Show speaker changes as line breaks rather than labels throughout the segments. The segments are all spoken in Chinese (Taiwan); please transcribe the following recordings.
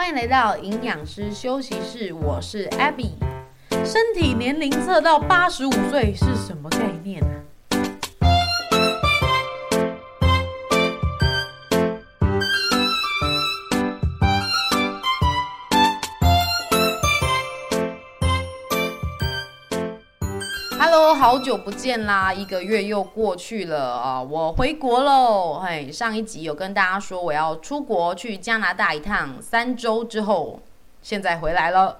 歡迎來到營養師休息室，我是 Abby。身體年齡測到八十五歲是什麼概念啊？都好久不見啦，一個月又過去了啊！我回國嘍，嘿，上一集有跟大家說我要出國去加拿大一趟，三週之後現在回來了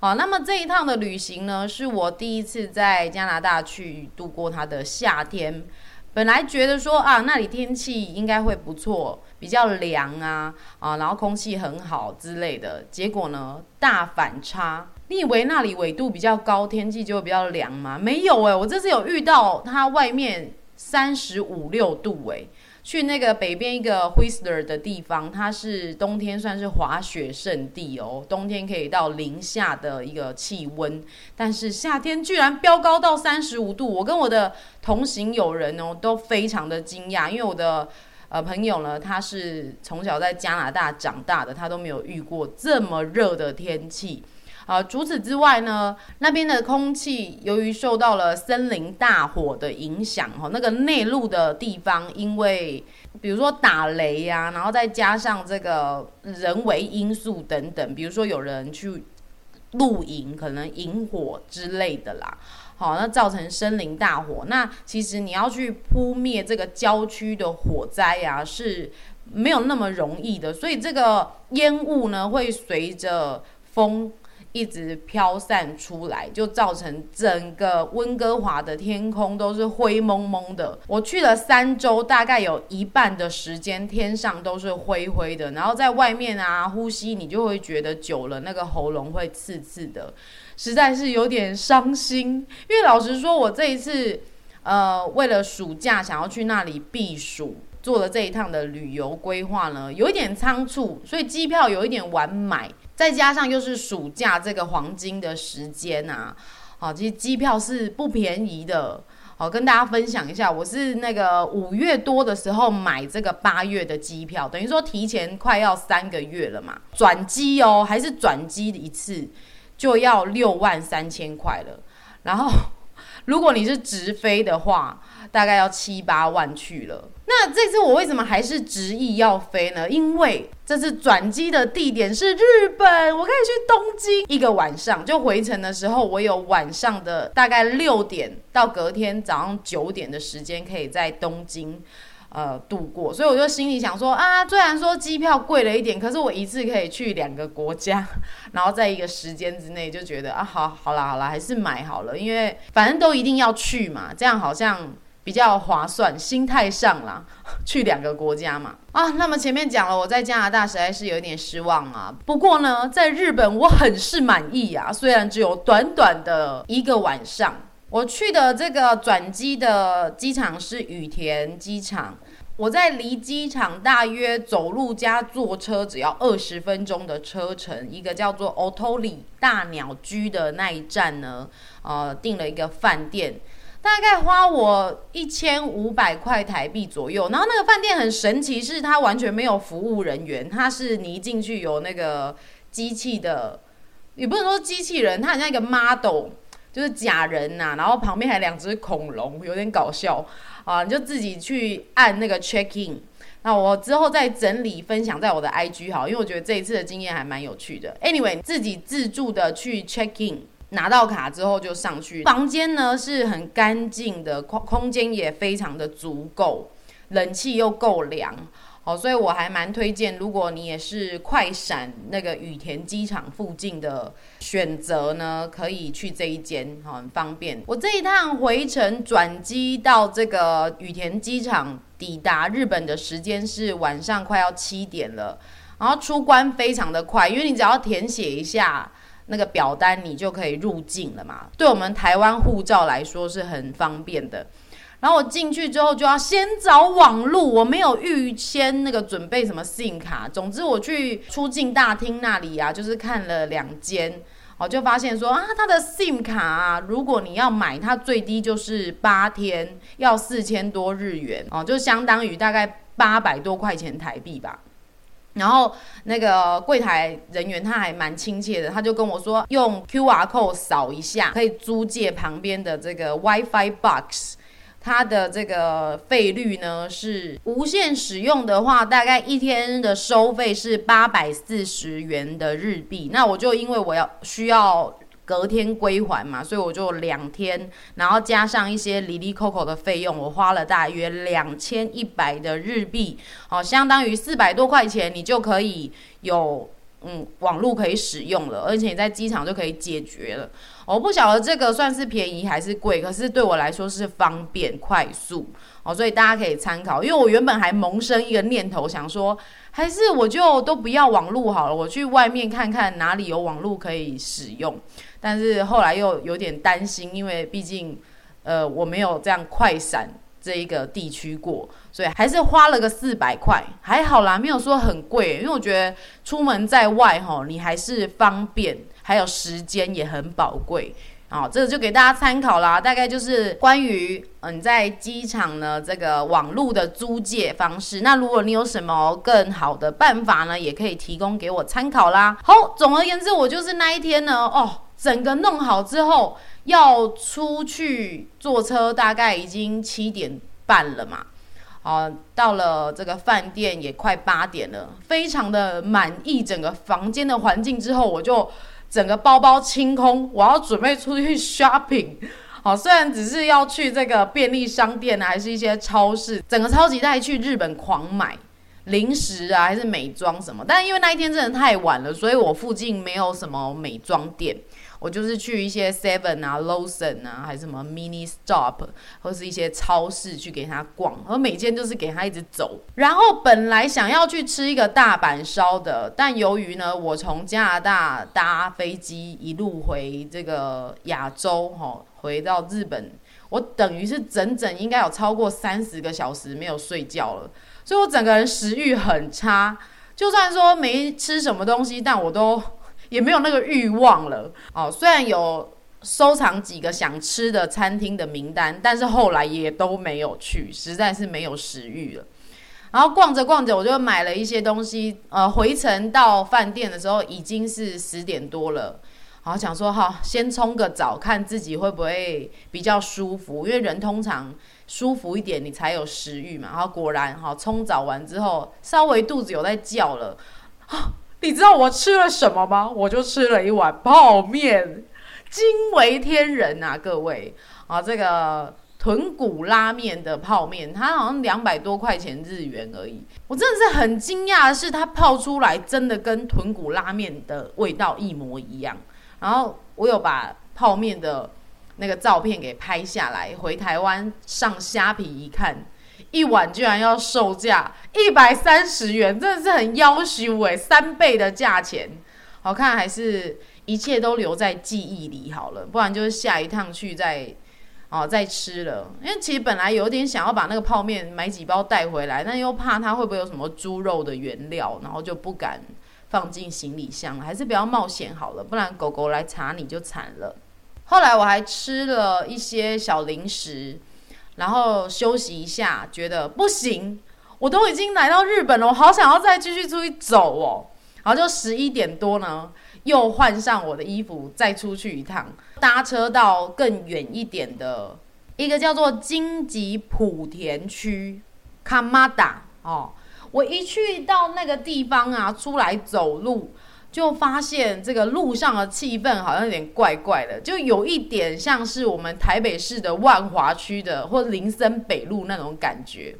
啊。那麼這一趟的旅行呢，是我第一次在加拿大去度過它的夏天。本來覺得說啊，那裡天氣應該會不錯，比較涼啊啊，然後空氣很好之類的，結果呢，大反差。你以為那裡緯度比較高，天氣就會比較涼嗎？沒有誒、欸。我這次有遇到它外面三十五六度誒、欸，去那個北邊一個 Whistler 的地方，它是冬天算是滑雪勝地哦、喔，冬天可以到零下的一個氣溫，但是夏天居然飆高到三十五度，我跟我的同行友人哦、喔，都非常的驚訝，因為我的呃朋友呢，他是從小在加拿大長大的，他都沒有遇過這麼熱的天氣。啊、呃，除此之外呢，那邊的空氣由於受到了森林大火的影響，哈、哦，那個內陸的地方，因為比如說打雷呀、啊，然後再加上這個人為因素等等，比如說有人去露營，可能引火之類的啦，好、哦，那造成森林大火。那其實你要去撲滅這個郊區的火災呀、啊，是沒有那麼容易的。所以這個煙霧呢，會隨着風，一直飄散出來，就造成整個溫哥華的天空都是灰濛濛的。我去了三週，大概有一半的時間，天上都是灰灰的。然後在外面啊，呼吸你就會覺得久了，那個喉嚨會刺刺的，實在是有點傷心。因為老實說，我這一次呃，為了暑假想要去那裡避暑，做了這一趟的旅遊規劃呢，有一點倉促，所以機票有一點晚買。再加上又是暑假這個黃金的時間呐、啊，好、啊，這機票是不便宜的，好、啊、跟大家分享一下，我是那個五月多的時候買這個八月的機票，等於說提前快要三個月了嘛，轉機哦，還是轉機一次就要六萬三千塊了，然後如果你是直飛的話，大概要七八萬去了。那這次我為什麼還是執意要飛呢？因為這次轉機的地點是日本，我可以去東京，一個晚上，就回程的時候，我有晚上的大概六點到隔天早上九點的時間可以在東京，呃，度過。所以我就心裡想說啊，雖然說機票貴了一點，可是我一次可以去兩個國家，然後在一個時間之內就覺得啊，好好啦，好啦，好啦，還是買好了，因為反正都一定要去嘛，這樣好像比較划算，心態上啦，去兩個國家嘛啊。那麼前面講了，我在加拿大實在是有點失望啊。不過呢，在日本我很是滿意啊。雖然只有短短的一個晚上。我去的這個轉機的機場是羽田機場，我在離機場大約走路加坐車只要二十分鐘的車程，一個叫做奧托里大鳥居的那一站呢，呃，訂了一個飯店。大概花我一千五百塊台幣左右，然後那個飯店很神奇，是它完全沒有服務人員，它是你一進去有那個機器的，也不能說機器人，它很像一個 model 就是假人吶，啊，然後旁邊還兩只恐龍，有點搞笑啊，你就自己去按那個 check in，那我之後再整理分享在我的 IG 好，因為我覺得這一次的經驗還蠻有趣的。Anyway，自己自助的去 check in。拿到卡之後就上去房間呢是很乾淨的，空空間也非常的足夠，冷氣又夠涼，好，所以我還蠻推薦，如果你也是快閃那個羽田機場附近的選擇呢，可以去這一間，好，很方便。我這一趟回程轉機到這個羽田機場抵達日本的時間是晚上快要七點了，然後出關非常的快，因為你只要填寫一下。那個表單你就可以入境了嘛，對我們台灣護照來說是很方便的。然後我進去之後就要先找網路，我沒有預先那個準備什麼 SIM 卡。總之我去出境大廳那裡啊，就是看了兩間，哦就發現說啊，它的 SIM 卡啊，如果你要買，它最低就是八天要四千多日元，哦就相當於大概八百多塊錢台幣吧。然後那個櫃檯人員他還蠻親切的，他就跟我說用 QR code 掃一下，可以租借旁邊的這個 WiFi box。它的這個費率呢是，無限使用的話，大概一天的收費是八百四十元的日幣。那我就因為我要需要。隔天歸還嘛，所以我就兩天，然後加上一些哩哩摳摳的費用，我花了大約兩千一百的日幣，哦，相當於四百多塊錢，你就可以有嗯網路可以使用了，而且你在機場就可以解決了。我、哦、不曉得這個算是便宜還是貴，可是對我來說是方便快速。哦，所以大家可以參考，因為我原本還萌生一個念頭，想說還是我就都不要網路好了，我去外面看看哪裡有網路可以使用。但是後來又有點擔心，因為畢竟呃我沒有這樣快閃這一個地區過，所以還是花了個四百塊，還好啦，沒有說很貴。因為我覺得出門在外哈，你還是方便，還有時間也很寶貴。好、哦，這個就給大家參考啦。大概就是關於嗯，呃、你在機場呢這個網絡的租借方式。那如果你有什麼更好的辦法呢，也可以提供給我參考啦。好，總而言之，我就是那一天呢，哦，整個弄好之後要出去坐車，大概已經七點半了嘛。啊，到了這個飯店也快八點了，非常的滿意整個房間的環境之後，我就。整個包包清空，我要準備出去 shopping，好、啊，雖然只是要去這個便利商店，還是一些超市，整個超級大，去日本狂買零食啊，還是美妝什麼。但因為那一天真的太晚了，所以我附近沒有什麼美妝店。我就是去一些 Seven 啊、Lawson 啊，還是什麼 Mini Stop，或是一些超市去給他逛，而每天就是給他一直走。然後本來想要去吃一個大阪燒的，但由於呢，我從加拿大搭飛機一路回這個亞洲吼，吼回到日本，我等於是整整應該有超過三十個小時沒有睡覺了，所以我整個人食慾很差，就算說沒吃什麼東西，但我都。也沒有那個欲望了哦，雖然有收藏幾個想吃的餐廳的名單，但是後來也都沒有去，實在是沒有食欲了。然後逛着逛着，我就買了一些東西。呃，回程到飯店的時候已經是十點多了，然後想說哈、哦，先沖個澡，看自己會不會比較舒服，因為人通常舒服一點，你才有食欲嘛。然後果然哈，哦，沖澡完之後，稍微肚子有在叫了、哦你知道我吃了什麼嗎？我就吃了一碗泡麵，驚為天人啊！各位啊，這個豚骨拉麵的泡麵，它好像兩百多塊錢日元而已。我真的是很驚訝的是，它泡出來真的跟豚骨拉麵的味道一模一樣。然後我有把泡麵的那個照片給拍下來，回台灣上蝦皮一看。一碗居然要售價一百三十元，真的是很夭壽欸！三倍的價錢，好、哦、看，還是一切都留在記憶裡好了，不然就是下一趟去再，哦再吃了。因為其實本來有點想要把那個泡面買幾包帶回來，但又怕它會不會有什麼豬肉的原料，然後就不敢放進行李箱，還是不要冒險好了，不然狗狗來查你就慘了。後來我還吃了一些小零食。然後休息一下，覺得不行，我都已經來到日本了，我好想要再繼續出去走哦。然後就十一點多呢，又換上我的衣服，再出去一趟，搭車到更遠一點的一個叫做京急蒲田區卡瑪達哦。我一去到那個地方啊，出來走路。就發現這個路上的氣氛好像有點怪怪的，就有一點像是我們台北市的萬華區的，或林森北路那種感覺。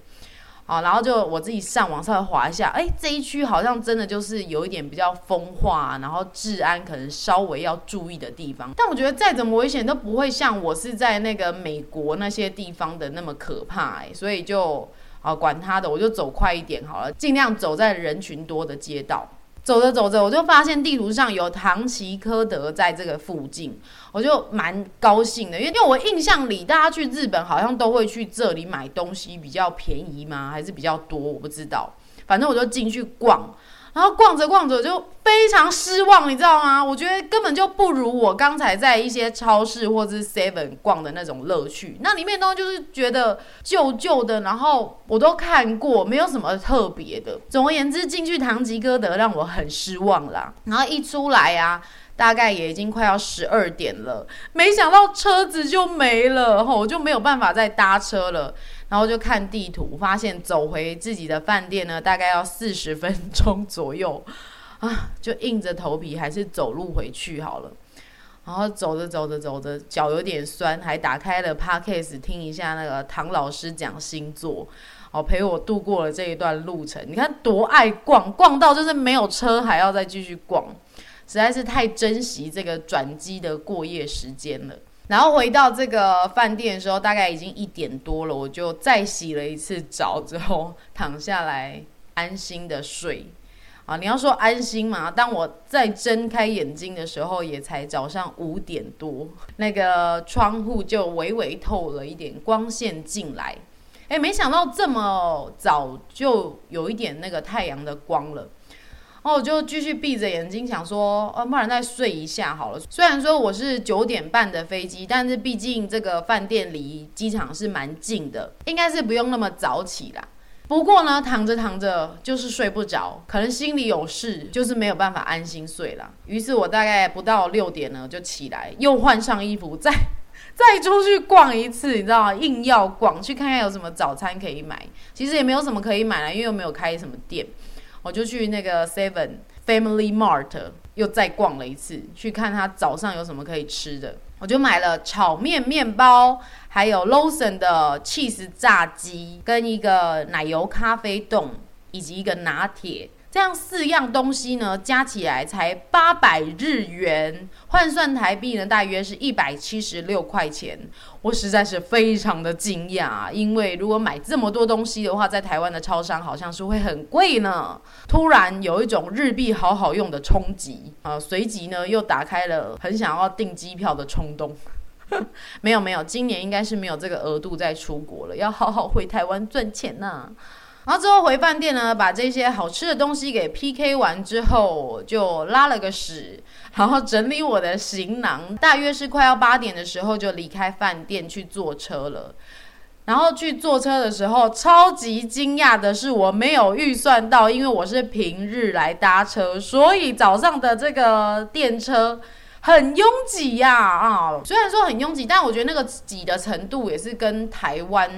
好、啊，然後就我自己上網稍微滑一下，哎、欸，這一區好像真的就是有一點比較風化，然後治安可能稍微要注意的地方。但我覺得再怎麼危險都不會像我是在那個美國那些地方的那麼可怕、欸，哎，所以就啊管他的，我就走快一點好了，盡量走在人群多的街道。走着走着，我就發現地圖上有唐吉訶德在這個附近，我就蠻高興的，因為因為我印象裡大家去日本好像都會去這裡買東西比較便宜嗎？還是比較多？我不知道，反正我就進去逛。然後逛着逛着就非常失望，你知道嗎？我覺得根本就不如我剛才在一些超市或者是 Seven 逛的那種樂趣。那裡面東西就是覺得舊舊的，然後我都看過，沒有什麼特別的。總而言之，進去唐吉訶德讓我很失望啦。然後一出來呀、啊，大概也已經快要十二點了。沒想到車子就沒了，吼、哦，我就沒有辦法再搭車了。然後就看地圖，發現走回自己的飯店呢，大概要四十分鐘左右，啊，就硬着頭皮還是走路回去好了。然後走着走着走着，腳有點酸，還打開了 Podcast 聽一下那個唐老師講星座，哦，陪我度過了這一段路程。你看多愛逛，逛到就是沒有車，還要再繼續逛，實在是太珍惜這個轉機的過夜時間了。然後回到這個飯店的時候，大概已經一點多了，我就再洗了一次澡之後躺下來安心的睡。啊，你要說安心嘛？當我再睜開眼睛的時候，也才早上五點多，那個窗戶就微微透了一點光線進來。哎，沒想到這麼早就有一點那個太陽的光了。然後我就繼續閉着眼睛想說，呃、哦，不然再睡一下好了。雖然說我是九點半的飛機，但是畢竟這個飯店離機場是蠻近的，應該是不用那麼早起啦。不過呢，躺着躺着就是睡不着，可能心裡有事，就是沒有辦法安心睡了。於是，我大概不到六點呢就起來，又換上衣服，再再出去逛一次，你知道嗎？硬要逛去看看有什麼早餐可以買。其實也沒有什麼可以買了，因為又沒有開什麼店。我就去那個 Seven Family Mart，又再逛了一次，去看他早上有什麼可以吃的。我就買了炒麵、麵包，還有 Lawson 的 Cheese 炸雞，跟一個奶油咖啡凍，以及一個拿鐵。這樣四樣東西呢，加起來才八百日元，換算台幣呢，大約是一百七十六塊錢。我實在是非常的驚訝啊，因為如果買這麼多東西的話，在台灣的超商好像是會很貴呢。突然有一種日幣好好用的衝擊啊，隨即呢又打開了很想要訂機票的衝動。 沒有沒有，今年應該是沒有這個額度再出國了，要好好回台灣賺錢吶、啊。然後之後回飯店呢，把這些好吃的東西給 PK 完之後，就拉了個屎，然後整理我的行囊，大約是快要八點的時候就離開飯店去坐車了。然後去坐車的時候，超級驚訝的是，我沒有預算到，因為我是平日來搭車，所以早上的這個電車很擁擠呀！啊，雖然說很擁擠，但我覺得那個擠的程度也是跟台灣。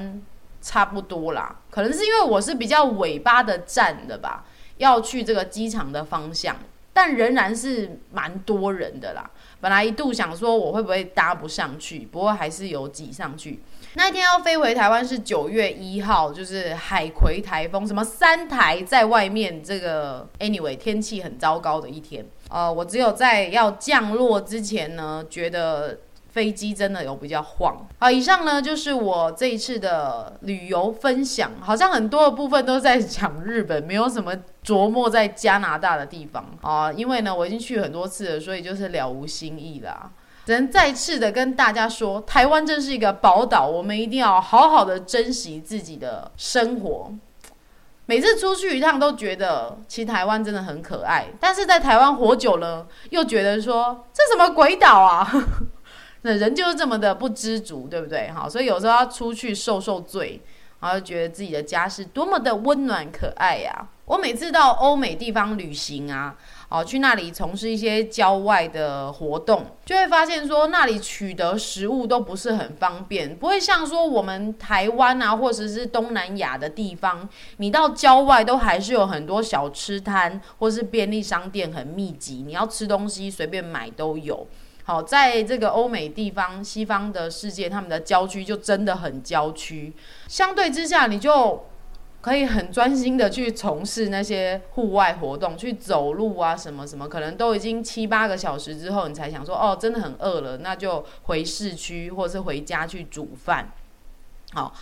差不多啦，可能是因為我是比較尾巴的站的吧，要去這個機場的方向，但仍然是蠻多人的啦。本來一度想說我會不會搭不上去，不過還是有擠上去。那一天要飛回台灣是九月一號，就是海葵台風，什麼三台在外面，這個 Anyway 天氣很糟糕的一天。呃，我只有在要降落之前呢，覺得。飛機真的有比較晃啊。以上呢，就是我這一次的旅遊分享，好像很多的部分都在講日本，沒有什麼琢磨，在加拿大的地方啊。因為呢，我已經去很多次了，所以就是了無新意啦。只能再次的跟大家說，台灣真是一個寶島，我們一定要好好的珍惜自己的生活。每次出去一趟都覺得，其實台灣真的很可愛，但是在台灣活久了，又覺得說這什麼鬼島啊！ 那人就是這麼的不知足，對不對？哈，所以有時候要出去受受罪，然後覺得自己的家是多麼的溫暖可愛呀啊。我每次到歐美地方旅行啊，哦，去那裡從事一些郊外的活動，就會發現說那裡取得食物都不是很方便，不會像說我們台灣啊，或者是東南亞的地方，你到郊外都還是有很多小吃攤或者是便利商店很密集，你要吃東西隨便買都有。好，在這個歐美地方、西方的世界，他們的郊區就真的很郊區。相對之下，你就可以很專心的去從事那些戶外活動，去走路啊，什麼什麼，可能都已經七八個小時之後，你才想說，哦，真的很餓了，那就回市區或是回家去煮飯。好。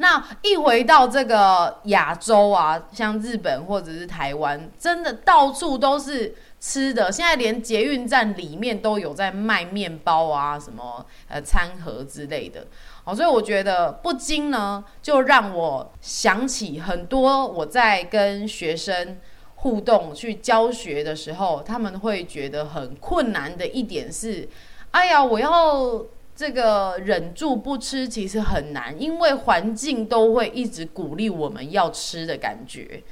那一回到這個亞洲啊，像日本或者是台灣，真的到處都是吃的。現在連捷運站裡面都有在賣麵包啊，什麼呃餐盒之類的。哦，所以我覺得不禁呢，就讓我想起很多我在跟學生互動去教學的時候，他們會覺得很困難的一點是，哎呀，我要。這個忍住不吃其實很難，因為環境都會一直鼓勵我們要吃的感覺。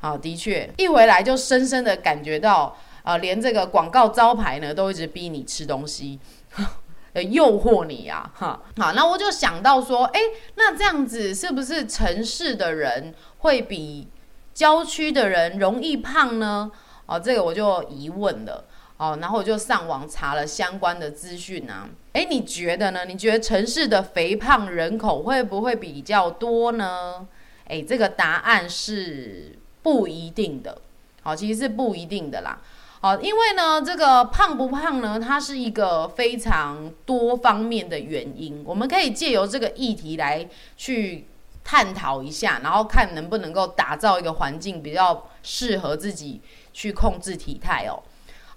啊，的確，一回來就深深的感覺到，啊，連這個廣告招牌呢都一直逼你吃東西，誘惑你啊，哈。好，那我就想到說，哎、欸，那這樣子是不是城市的人會比郊區的人容易胖呢？啊，這個我就疑問了。哦，然後我就上網查了相關的資訊啊。誒，你覺得呢？你覺得城市的肥胖人口會不會比較多呢？誒，這個答案是不一定的。好，其實是不一定的啦。好，因為呢，這個胖不胖呢，它是一個非常多方面的原因。我們可以借由這個議題來去探討一下，然後看能不能夠打造一個環境比較適合自己去控制體態哦。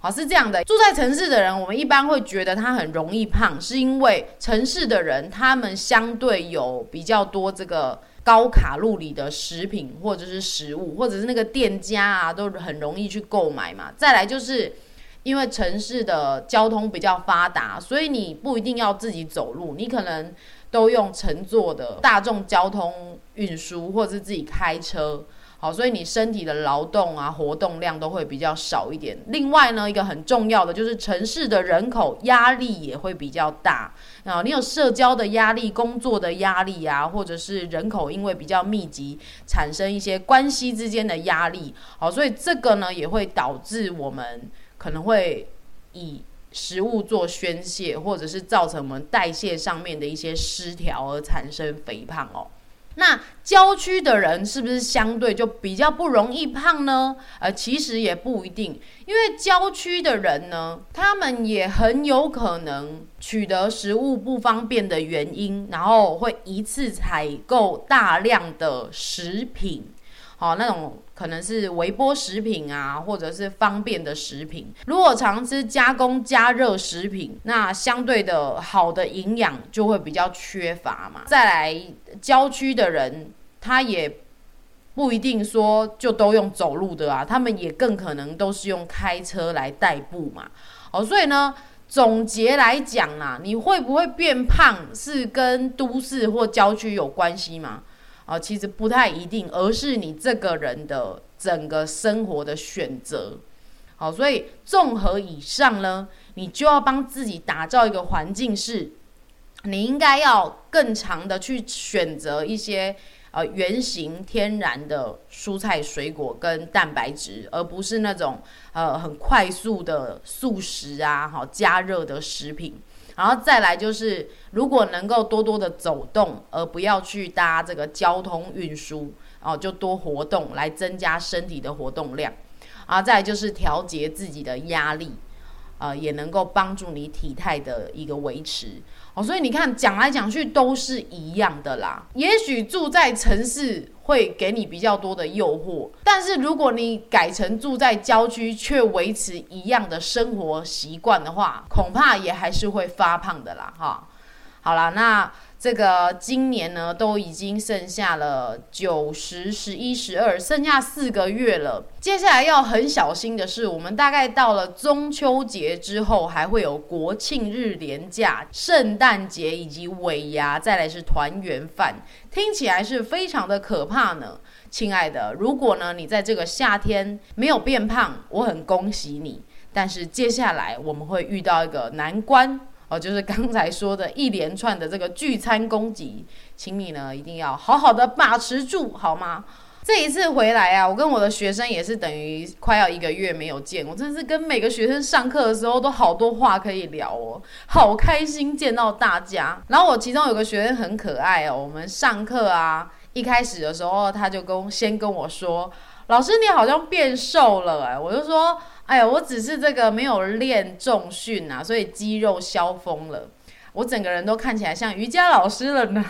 好、哦，是這樣的。住在城市的人，我們一般會覺得他很容易胖，是因為城市的人他們相對有比較多這個高卡路里的食品或者是食物，或者是那個店家啊，都很容易去購買嘛。再來就是因為城市的交通比較發達，所以你不一定要自己走路，你可能都用乘坐的大眾交通運輸，或者是自己開車。好，所以你身體的勞動啊、活動量都會比較少一點。另外呢，一個很重要的就是城市的人口壓力也會比較大啊。然後你有社交的壓力、工作的壓力啊，或者是人口因為比較密集，產生一些關係之間的壓力。好，所以這個呢也會導致我們可能會以食物做宣洩，或者是造成我們代謝上面的一些失調而產生肥胖哦。那郊區的人是不是相對就比較不容易胖呢？呃，其實也不一定，因為郊區的人呢，他們也很有可能取得食物不方便的原因，然後會一次採購大量的食品。好，哦，那種。可能是微波食品啊，或者是方便的食品。如果常吃加工加熱食品，那相對的好的營養就會比較缺乏嘛。再來，郊區的人他也不一定說就都用走路的啊，他們也更可能都是用開車來代步嘛。哦，所以呢，總結來講啦，你會不會變胖是跟都市或郊區有關係嗎？哦，其實不太一定，而是你這個人的整個生活的選擇。好，所以綜合以上呢，你就要幫自己打造一個環境是，是你應該要更常的去選擇一些呃原型天然的蔬菜水果跟蛋白質，而不是那種呃很快速的速食啊，好加熱的食品。然後再來就是，如果能夠多多的走動，而不要去搭這個交通運輸，哦，就多活動來增加身體的活動量，啊，再來就是調節自己的壓力，呃，也能夠幫助你體態的一個維持。哦、所以你看，講來講去都是一樣的啦。也許住在城市會給你比較多的誘惑，但是如果你改成住在郊區，卻維持一樣的生活習慣的話，恐怕也還是會發胖的啦。哈、哦，好啦，那。這個今年呢，都已經剩下了九、十、十一、十二，剩下四個月了。接下來要很小心的是，我們大概到了中秋節之後，還會有國慶日連假、聖誕節以及尾牙，再來是團圓飯，聽起來是非常的可怕呢，親愛的。如果呢，你在這個夏天沒有變胖，我很恭喜你。但是接下來我們會遇到一個難關。哦，就是剛才說的一連串的這個聚餐攻擊，請你呢一定要好好的把持住，好嗎？這一次回來啊，我跟我的學生也是等於快要一個月沒有見，我真是跟每個學生上課的時候都好多話可以聊哦，好開心見到大家。然後我其中有個學生很可愛哦，我們上課啊，一開始的時候他就跟先跟我說：“老師，你好像變瘦了。”哎，我就說。哎呀，我只是這個沒有練重訓啊，所以肌肉消風了，我整個人都看起來像瑜伽老師了呢，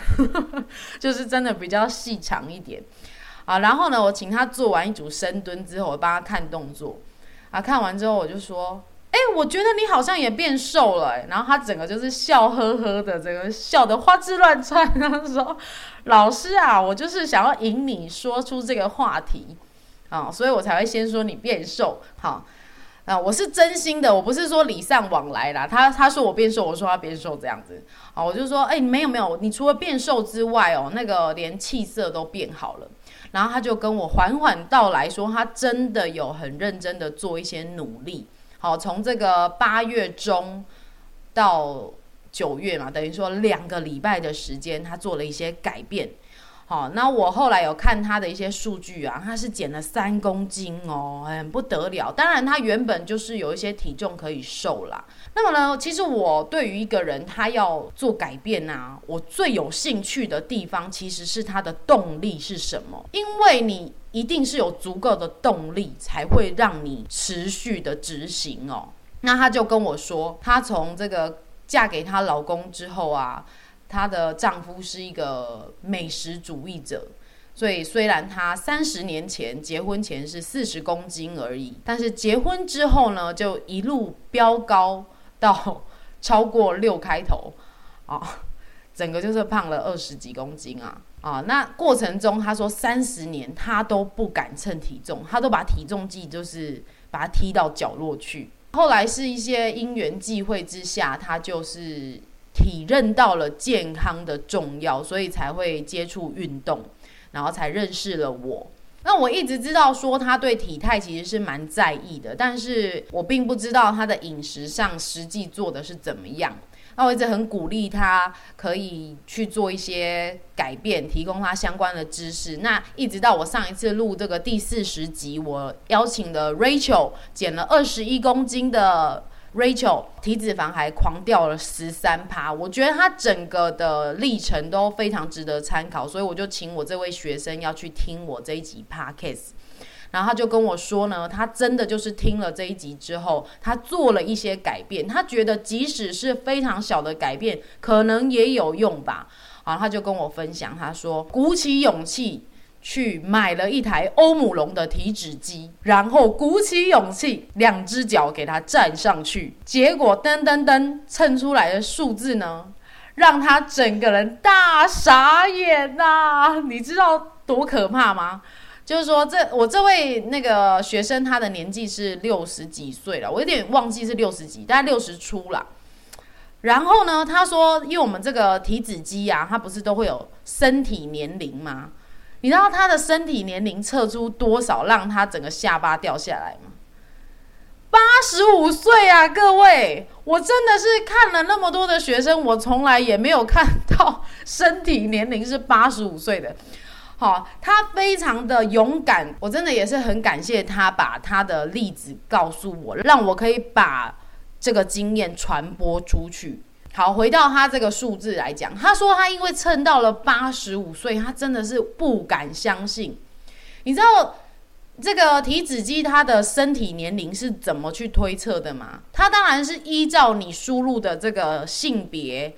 就是真的比較細長一點啊。然後呢，我請他做完一組深蹲之後，我幫他看動作啊。看完之後，我就說：“哎、欸，我覺得你好像也變瘦了、欸。”然後他整個就是笑呵呵的，整個笑得花枝亂竄。他說：“老師啊，我就是想要引你說出這個話題啊，所以我才會先說你變瘦好。”啊，我是真心的，我不是說禮尚往來啦。他他說我變瘦，我說他變瘦，這樣子好，我就說，哎，沒有沒有，你除了變瘦之外哦，那個連氣色都變好了。然後他就跟我緩緩道來說，他真的有很認真的做一些努力，好，從這個八月中到九月嘛，等於說兩個禮拜的時間，他做了一些改變。好、哦，那我後來有看他的一些數據啊，他是減了三公斤哦，很、欸、不得了。當然，他原本就是有一些體重可以瘦啦。那麼呢，其實我對於一個人他要做改變啊，我最有興趣的地方其實是他的動力是什麼？因為你一定是有足夠的動力才會讓你持續的執行哦。那他就跟我說，他從這個嫁給他老公之後啊。她的丈夫是一個美食主義者，所以雖然她三十年前結婚前是四十公斤而已，但是結婚之後呢，就一路飆高到超過六開頭，啊，整個就是胖了二十幾公斤啊啊！那過程中她說，三十年她都不敢稱體重，她都把體重計就是把它踢到角落去。後來是一些因緣際會之下，她就是。體認到了健康的重要，所以才會接觸運動，然後才認識了我。那我一直知道說他對體態其實是蠻在意的，但是我並不知道他的飲食上實際做的是怎麼樣。那我一直很鼓勵他可以去做一些改變，提供他相關的知識。那一直到我上一次錄這個第四十集，我邀請了 Rachel 減了二十一公斤的。Rachel，體脂肪還狂掉了十三趴，我覺得他整個的歷程都非常值得參考，所以我就請我這位學生要去聽我這一集 Podcast，然後他就跟我說呢，他真的就是聽了這一集之後，他做了一些改變，他覺得即使是非常小的改變，可能也有用吧。好，他就跟我分享，他說鼓起勇氣。去買了一台歐姆龍的體脂機，然後鼓起勇氣，兩隻腳給它站上去，結果噔噔噔，蹭出來的數字呢，讓他整個人大傻眼吶、啊！你知道多可怕嗎？就是說這，這我這位那個學生，他的年紀是六十幾歲了，我有點忘記是六十幾，大概六十出了。然後呢，他說，因為我們這個體脂機啊，它不是都會有身體年齡嗎？你知道他的身體年齡測出多少，讓他整個下巴掉下來嗎？八十五歲啊！各位，我真的是看了那麼多的學生，我從來也沒有看到身體年齡是八十五歲的。好、哦，他非常的勇敢，我真的也是很感謝他把他的例子告訴我，讓我可以把這個經驗傳播出去。好，回到他這個數字來講，他說他因為蹭到了八十五歲，他真的是不敢相信。你知道這個體脂機他的身體年齡是怎麼去推測的嗎？他當然是依照你輸入的這個性別、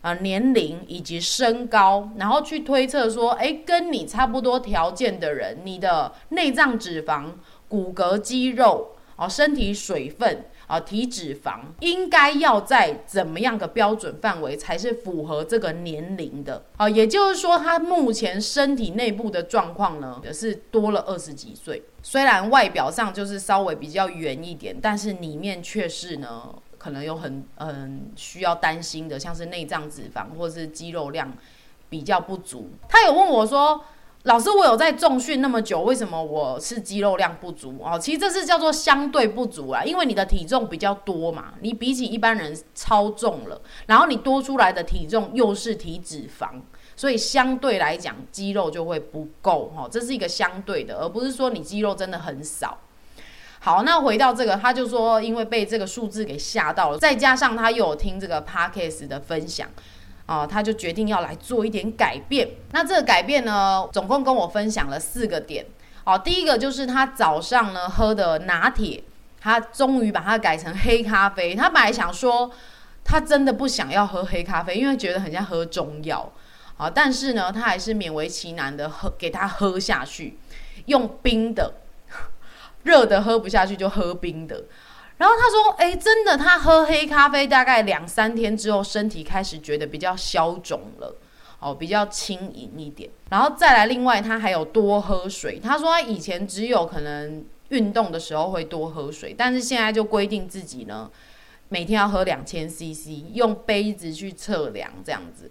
啊、呃、年齡以及身高，然後去推測說，哎、欸，跟你差不多條件的人，你的內臟脂肪、骨骼肌肉、哦，身體水分。啊，體脂肪應該要在怎麼樣的標準範圍才是符合這個年齡的？啊，也就是說，他目前身體內部的狀況呢，也是多了二十幾歲。雖然外表上就是稍微比較圓一點，但是裡面卻是呢，可能有很很需要擔心的，像是內臟脂肪或是肌肉量比較不足。他有問我說，老師，我有在重訓那麼久，為什麼我吃肌肉量不足哦？其實這是叫做相對不足啊，因為你的體重比較多嘛，你比起一般人超重了，然後你多出來的體重又是體脂肪，所以相對來講肌肉就會不夠哦，這是一個相對的，而不是說你肌肉真的很少。好，那回到這個，他就說因為被這個數字給嚇到了，再加上他又有聽這個 Podcast 的分享。啊、哦，他就決定要來做一點改變。那這個改變呢，總共跟我分享了四個點。哦，第一個就是他早上呢喝的拿鐵，他終於把它改成黑咖啡。他本來想說，他真的不想要喝黑咖啡，因為覺得很像喝中藥。啊、哦，但是呢，他還是勉為其難的喝給他喝下去，用冰的，熱的喝不下去就喝冰的。然後他說：“哎、欸，真的，他喝黑咖啡大概兩三天之後，身體開始覺得比較消腫了，哦，比較輕盈一點。然後再來，另外他還有多喝水。他說他以前只有可能運動的時候會多喝水，但是現在就規定自己呢，每天要喝兩千 CC，用杯子去測量這樣子，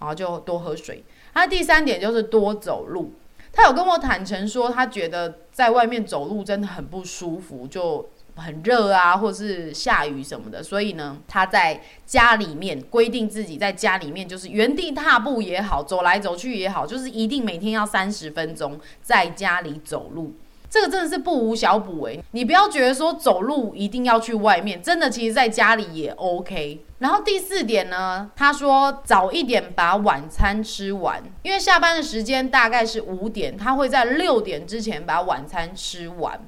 然後就多喝水。他、啊、第三點就是多走路。他有跟我坦誠說，他覺得在外面走路真的很不舒服，就。”很熱啊，或是下雨什麼的，所以呢，他在家裡面規定自己在家裡面就是原地踏步也好，走來走去也好，就是一定每天要三十分鐘在家裡走路。這個真的是不無小補欸！你不要覺得說走路一定要去外面，真的其實在家裡也 OK。然後第四點呢，他說早一點把晚餐吃完，因為下班的時間大概是五點，他會在六點之前把晚餐吃完。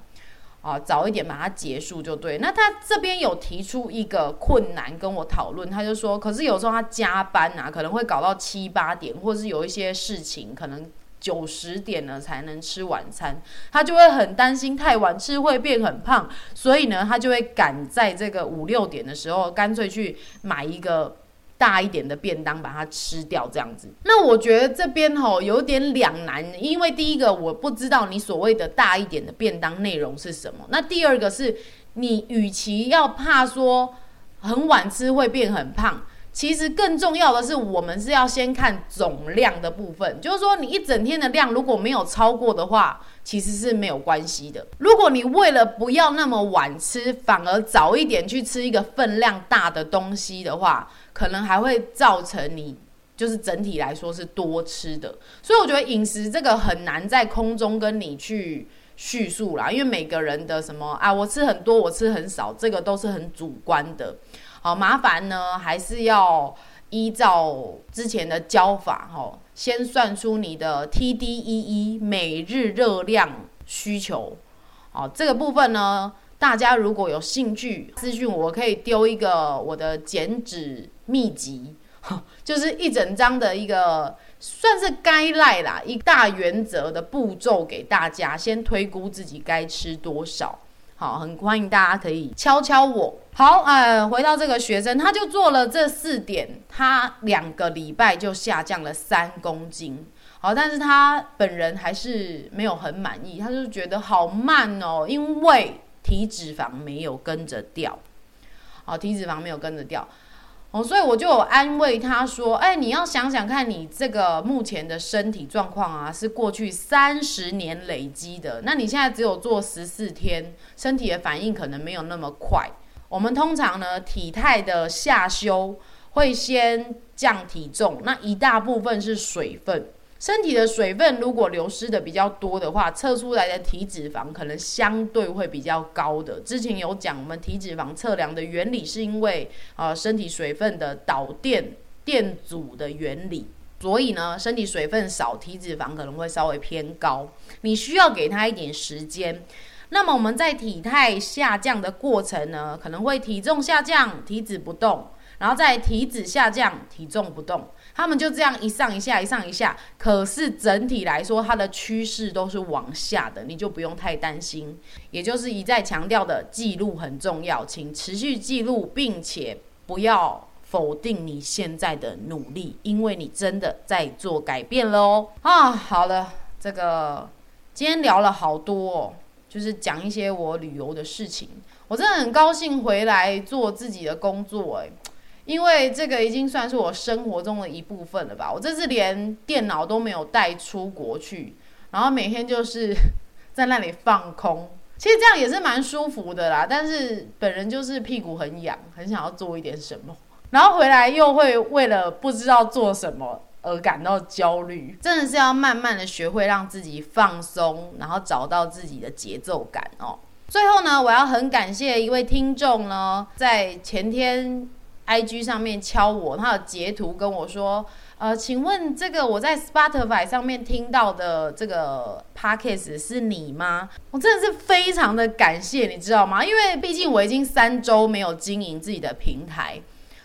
啊，早一點把它結束就對。那他這邊有提出一個困難跟我討論，他就說，可是有時候他加班啊，可能會搞到七八點，或者是有一些事情可能九十點了才能吃晚餐，他就會很擔心太晚吃會變很胖，所以呢，他就會趕在這個五六點的時候，乾脆去買一個。大一點的便當，把它吃掉這樣子。那我覺得這邊吼有點兩難，因為第一個我不知道你所謂的大一點的便當內容是什麼。那第二個是，你與其要怕說很晚吃會變很胖。其實更重要的是，我們是要先看總量的部分。就是說，你一整天的量如果沒有超過的話，其實是沒有關係的。如果你為了不要那麼晚吃，反而早一點去吃一個分量大的東西的話，可能還會造成你就是整體來說是多吃的。所以我覺得飲食這個很難在空中跟你去敘述啦，因為每個人的什麼啊，我吃很多，我吃很少，這個都是很主觀的。好，麻煩呢，還是要依照之前的教法哦，先算出你的 TDEE 每日熱量需求。好，這個部分呢，大家如果有興趣私訊，我可以丟一個我的減脂秘籍，就是一整張的一個算是 guideline 啦，一大原則的步驟給大家，先推估自己該吃多少。好，很歡迎大家可以敲敲我。好，呃，回到這個學生，他就做了這四點，他兩個禮拜就下降了三公斤。好，但是他本人還是沒有很滿意，他就覺得好慢哦，因為體脂肪沒有跟着掉。好，體脂肪沒有跟着掉。哦，所以我就有安慰他說：“哎、欸，你要想想看你這個目前的身體狀況啊，是過去三十年累積的。那你現在只有做十四天，身體的反應可能沒有那麼快。我們通常呢，體態的下修會先降體重，那一大部分是水分。”身體的水分如果流失的比較多的話，測出來的體脂肪可能相對會比較高的。之前有講，我們體脂肪測量的原理是因為呃身體水分的導電電阻的原理，所以呢身體水分少，體脂肪可能會稍微偏高。你需要給它一點時間。那麼我們在體態下降的過程呢，可能會體重下降，體脂不動；然後在體脂下降，體重不動。他們就這樣一上一下，一上一下，可是整體來說，它的趨勢都是往下的，你就不用太擔心。也就是一再強調的，記錄很重要，請持續記錄，並且不要否定你現在的努力，因為你真的在做改變了哦。啊，好了，這個今天聊了好多哦，就是講一些我旅遊的事情。我真的很高興回來做自己的工作欸，因為這個已經算是我生活中的一部分了吧。我這次連電腦都沒有帶出國去，然後每天就是在那裡放空。其實這樣也是蠻舒服的啦。但是本人就是屁股很癢，很想要做一點什麼，然後回來又會為了不知道做什麼而感到焦慮。真的是要慢慢的學會讓自己放鬆，然後找到自己的節奏感哦。最後呢，我要很感謝一位聽眾呢，在前天。IG 上面敲我，他有截圖跟我說：“呃，請問這個我在 Spotify 上面聽到的這個 Podcast 是你嗎？”我真的是非常的感謝，你知道嗎？因為畢竟我已經三周沒有經營自己的平台，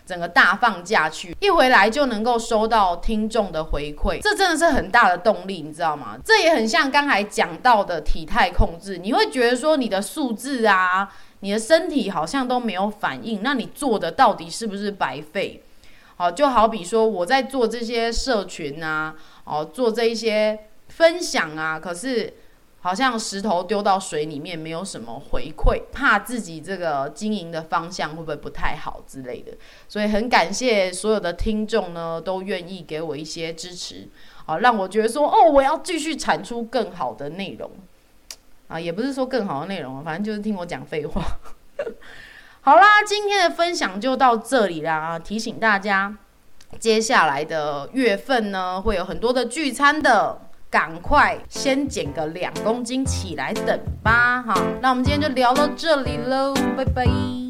整個大放假去，一回來就能夠收到聽眾的回饋，這真的是很大的動力，你知道嗎？這也很像剛才講到的體態控制，你會覺得說你的數字啊。你的身體好像都沒有反應，那你做的到底是不是白費？好、啊，就好比說我在做這些社群啊，哦、啊，做這一些分享啊，可是好像石頭丟到水裡面，沒有什麼回饋，怕自己這個經營的方向會不會不太好之類的。所以很感謝所有的聽眾呢，都願意給我一些支持，哦、啊，讓我覺得說，哦，我要繼續產出更好的內容。啊，也不是說更好的內容，反正就是聽我講廢話。 好啦，今天的分享就到這裡啦！提醒大家，接下來的月份呢，會有很多的聚餐的，趕快先減個兩公斤起來等吧！哈，那我們今天就聊到這裡嘍，拜拜。